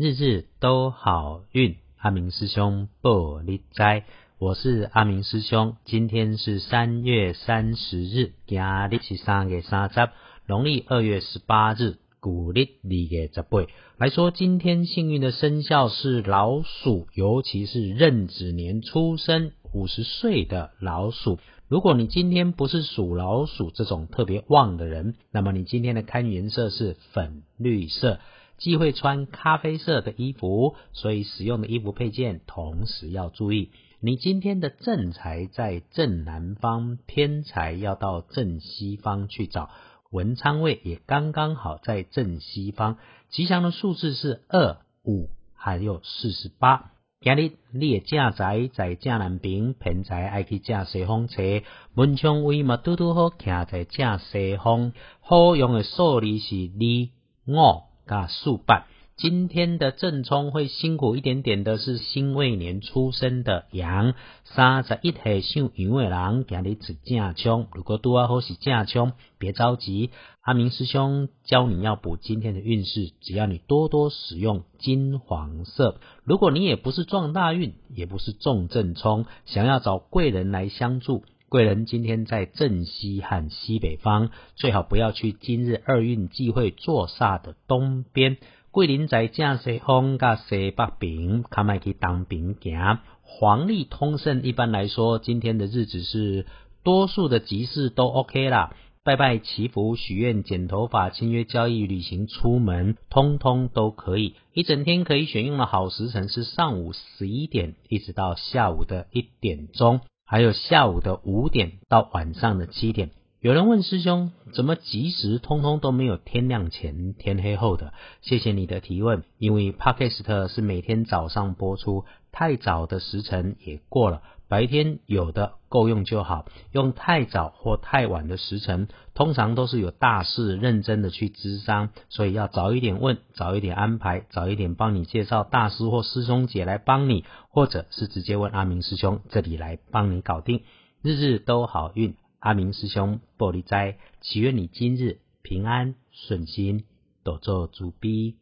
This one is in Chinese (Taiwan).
日日都好運，阿明師兄報你知。我是阿明師兄，今天是三月三十日，陽曆是三月三十，農曆二月十八日，古曆二月十八。來說今天幸運的生肖是老鼠，尤其是壬子年出生五十歲的老鼠。如果你今天不是屬老鼠這種特別旺的人，那麼你今天的看顏色是粉綠色。既會穿咖啡色的衣服，所以使用的衣服配件同時要注意。你今天的正財，在正南方，偏財要到正西方去找。文昌位也剛剛好在正西方。吉祥的數字是二五，還有四十八。今日你的正財在正南，偏財愛去正西方找，文昌位嘛，嘟嘟嘟好徛在正西方。好用的數字是2、5。噶數敗，今天的正沖會辛苦一點點的，是辛未年出生的羊，三十一歲屬羊的人，家裡是正沖。如果拄啊好是正沖，別着急，阿明師兄教你要補今天的運勢，只要你多多使用金黃色。如果你也不是撞大運，也不是重正沖，想要找貴人來相助。貴人今天在正西和西北方，最好不要去。今日二運忌諱坐煞的東邊。桂林在江西、東加西北邊，他們去當兵行。黃曆通勝一般來說，今天的日子是多數的吉事都 OK 啦。拜拜、祈福、許願、剪頭髮、簽約、交易、旅行、出門，通通都可以。一整天可以選用的好時辰是上午十一點，一直到下午的一點鐘。還有下午的五點到晚上的七點，有人問師兄怎麼及時通通都沒有天亮前、天黑後的？謝謝你的提問，因為 Podcast 是每天早上播出，太早的時辰也過了。白天有的夠用就好，用太早或太晚的時辰，通常都是有大事認真的去諮商，所以要早一點問，早一點安排，早一點幫你介紹大師或師兄姐來幫你，或者是直接問阿明師兄這裡來幫你搞定。日日都好運，阿明師兄報你知，祈願你今日平安順心，多做足逼。